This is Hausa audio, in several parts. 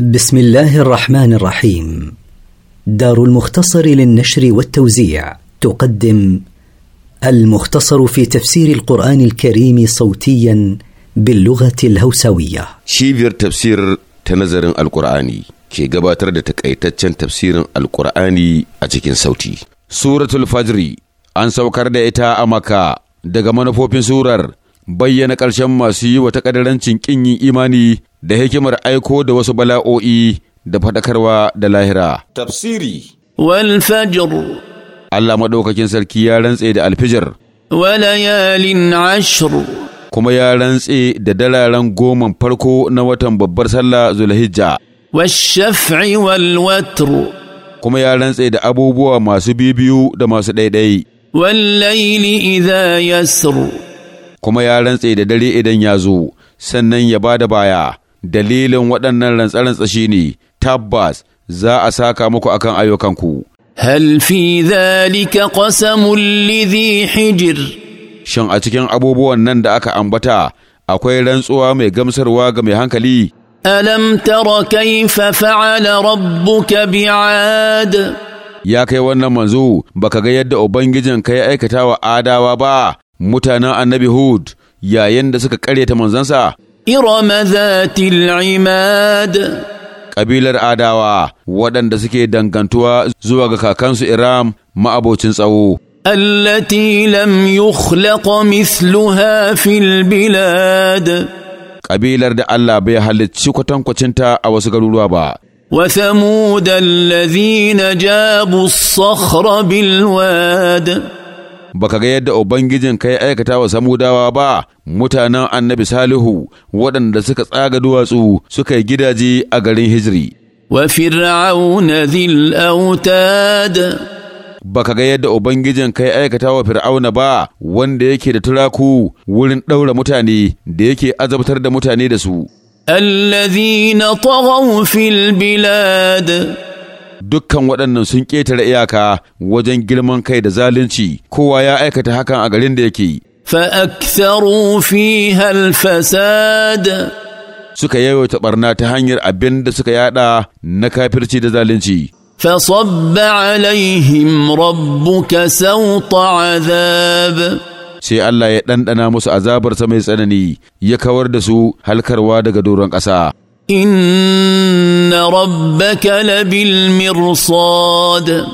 بسم الله الرحمن الرحيم دار المختصر للنشر والتوزيع تقدم المختصر في تفسير القرآن الكريم صوتيا باللغة الهوسوية شيفير تفسير تنزر القرآني كي قباتر تكأيتتشن تفسير القرآني أتكين صوتي سورة الفجر أن سوكر دائتا أمكا دقمان فوبين سورر bayyana ƙarshen masu yi إيماني da hikimar aiko da wasu bala'o'i da faɗakarwa da lahira. Tafsiri Walfajir Allah maɗaukakin sarki ya rantse da alfijir. Walayalin ashir Kuma ya rantse da dararen goman farko na watan babbar sallah Zulhijja. Washafi walwatr Kuma ya rantse da abubuwa masu bibiyu da masu ɗaiɗai. Wallaili idha yasr Kuma ya rantse da dare idan ya zo, sannan ya ba da baya. dalilin waɗannan rantsarantsa shi ne, tabbas za a saka muku akan ayyukanku. Hal fi zalika qasamul lidhi hijir. Shin a cikin abubuwan nan da aka ambata akwai rantsuwa mai gamsarwa ga mai hankali? Alam tara kaifa fa'ala rabbuka bi'ad. Ya kai wannan manzo baka ga yadda Ubangijin ka ya aikata wa adawa ba mutanen annabi Hud yayin da suka karyata manzansa? إرم ذات العماد ƙabilar adawa waɗanda suke dangantuwa zuwa ga kakansu Iram ma'abocin tsawo. Allati lam yukhlaq misluha fil Ƙabilar da Allah bai halicci kwatankwacinta a wasu garuruwa ba. وثمود الذين جابوا الصخر بالواد baka ga yadda ubangijin kai aikata wa samudawa ba mutanen annabi salihu waɗanda suka tsaga duwatsu suka yi gidaje a garin hijri wa fir'auna zil autad baka ga yadda ubangijin kai aikata wa fir'auna ba wanda yake da turaku wurin ɗaura mutane da yake azabtar da mutane da su Allazina tagaw fil bilad dukkan waɗannan sun ƙetare iyaka wajen girman kai da zalunci kowa ya aikata hakan a garin da yake فأكثروا فيها fasad. suka yawaita barna ta hanyar abin da suka yada na kafirci da zalunci فصب عليهم ربك sauta عذاب sai Allah ya ɗanɗana musu azabarsa mai tsanani ya kawar da su halkarwa daga doron ƙasa. In ربك لبالمرصاد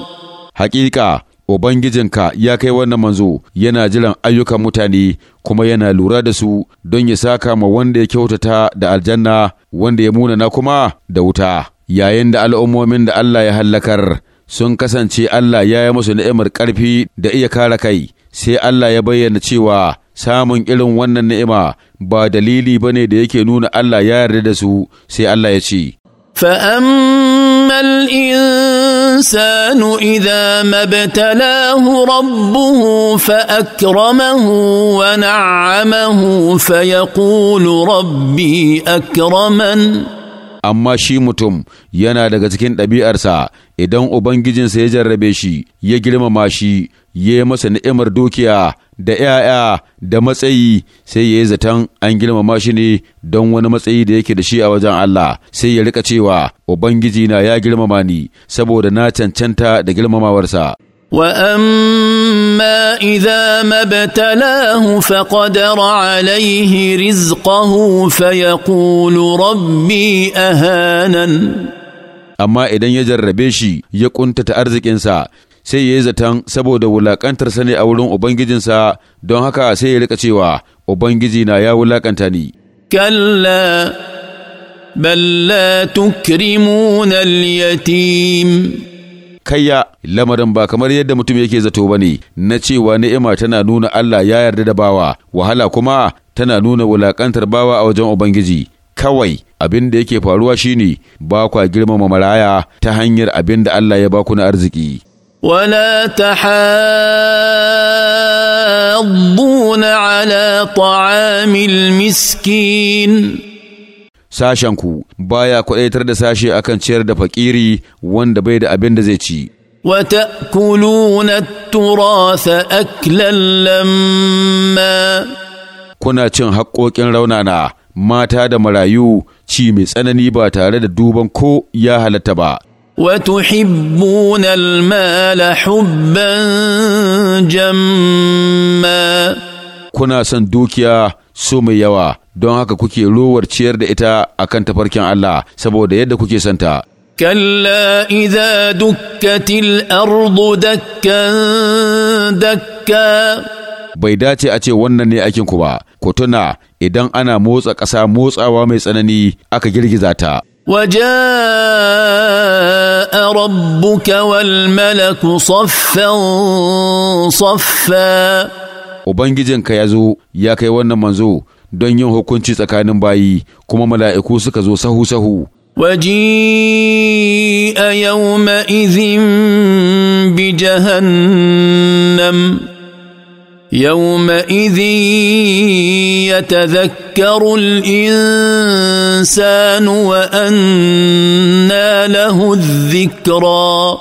حقيقة Ubangijinka ya kai wannan manzo yana jiran ayyukan mutane kuma yana lura da su don ya saka ma wanda ya kyautata da aljanna wanda ya munana kuma da wuta yayin da al'ummomin da Allah ya hallakar sun kasance Allah ya yi musu ni'imar ƙarfi da iya kare kai sai Allah ya bayyana cewa samun irin wannan ni'ima ba dalili ba ne da yake nuna Allah ya yarda da su sai Allah ya ce فاما الانسان اذا ما ابتلاه ربه فاكرمه ونعمه فيقول ربي اكرمن amma shi mutum yana daga cikin ɗabi'arsa idan ubangijinsa ya jarrabe shi ya girmama shi ya masa ni'imar dukiya da ‘ya'ya da matsayi sai ya yi zaton an girmama shi ne don wani matsayi da yake da shi a wajen Allah sai ya rika cewa Ubangiji na ya girmama ni saboda na cancanta da girmamawarsa. ما ابتلاه فقدر عليه رزقه فيقول ربي amma idan ya jarrabe shi ya ƙuntata arzikinsa sai ya yi zaton saboda wulaƙantarsa ne a wurin Ubangijinsa don haka sai ya rika cewa Ubangiji na ya wulaƙanta ni. Kalla balla na yatim Kayya lamarin ba kamar yadda mutum yake zato ba ne, na cewa ni'ima tana nuna Allah ya yarda da bawa, wahala kuma tana nuna wulaƙantar bawa a wajen Ubangiji. kawai abin da yake faruwa shine ba kwa girmama maraya ta hanyar abin da Allah ya baku na arziki. Wana ولا تحاضون على طعام المسكين sashenku baya kwaɗaitar da sashe akan ciyar da fakiri wanda bai da abin da zai ci وتأكلون التراث أكلا لما kuna cin haƙoƙin raunana mata da marayu ci mai tsanani ba tare da duban ko ya halatta ba وتحبون المال حبا جما kuna son dukiya so mai yawa don haka kuke rowar ciyar da ita a kan tafarkin Allah saboda yadda kuke santa كلا إذا دكت الأرض دكا دكا bai dace a ce wannan ne aikinku ba, ku tuna idan ana motsa ƙasa motsawa mai tsanani aka girgiza ta. وجاء ربك والملك صفا صفا وبنجيجن كيازو يا كي وانا منزو دون يوم هو كنتي تكاين باي كما ملائكو سكزو سهو سهو وجيء يومئذ بجهنم يومئذ يتذكر يذكر الإنسان وأنى له الذكرى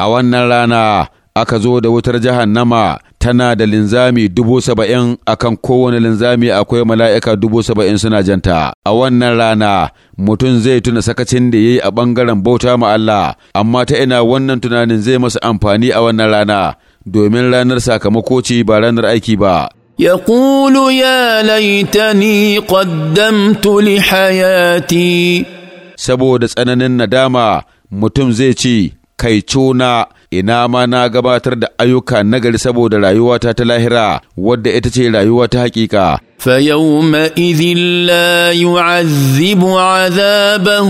أولنا لنا aka zo da wutar Nama tana da linzami dubu saba'in a kan kowane linzami akwai mala'ika dubu saba'in suna janta. A wannan rana mutum zai tuna sakacin da ya yi a ɓangaren bauta ma Allah, amma ta ina wannan tunanin zai masa amfani a wannan rana, domin ranar sakamako ce ba ranar aiki ba. يقول يا ليتني قدمت لحياتي saboda tsananin nadama mutum zai ce kai cuna ina ma na gabatar da ayyuka nagari saboda rayuwata ta lahira wadda ita ce rayuwa ta hakika فيومئذ لا يعذب عذابه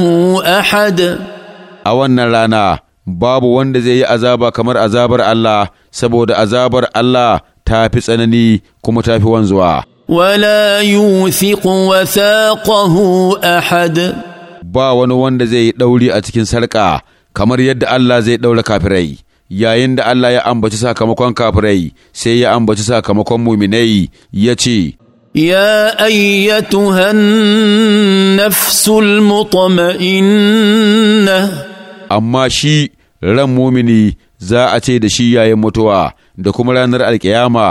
أحد a wannan rana babu wanda zai yi azaba kamar azabar Allah saboda azabar Allah ta fi tsanani kuma ta fi wanzuwa. Wala yuthiqu wathaqahu ahad Ba wani wanda zai yi ɗauri a cikin sarƙa kamar yadda Allah zai ɗaura kafirai. Yayin da Allah ya ambaci sakamakon kafirai sai ya ambaci sakamakon muminai ya ce, ya ايتها النفس المطمئنه amma shi ran mumini za a ce da shi yayin mutuwa da kuma ranar alkiyama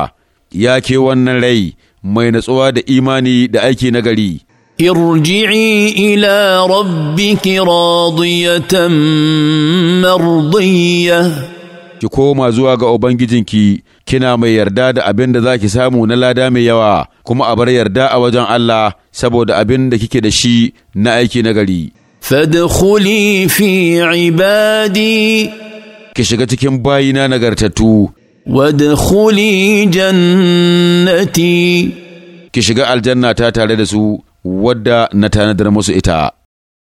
ya ke wannan rai mai natsuwa da imani da aiki na nagari. irji'i ila rabbiki radiyatan mardiyya ki koma zuwa ga ubangijinki kina mai yarda da abin da ki samu na lada mai yawa kuma a bar yarda a wajen Allah saboda abin da kike da shi na aiki na gari fadkhuli fi ibadi ki shiga cikin bayina nagartattu وادخلي جنتي كشجاء الجنة تاتا لدسو ودا نتانا درموس إتا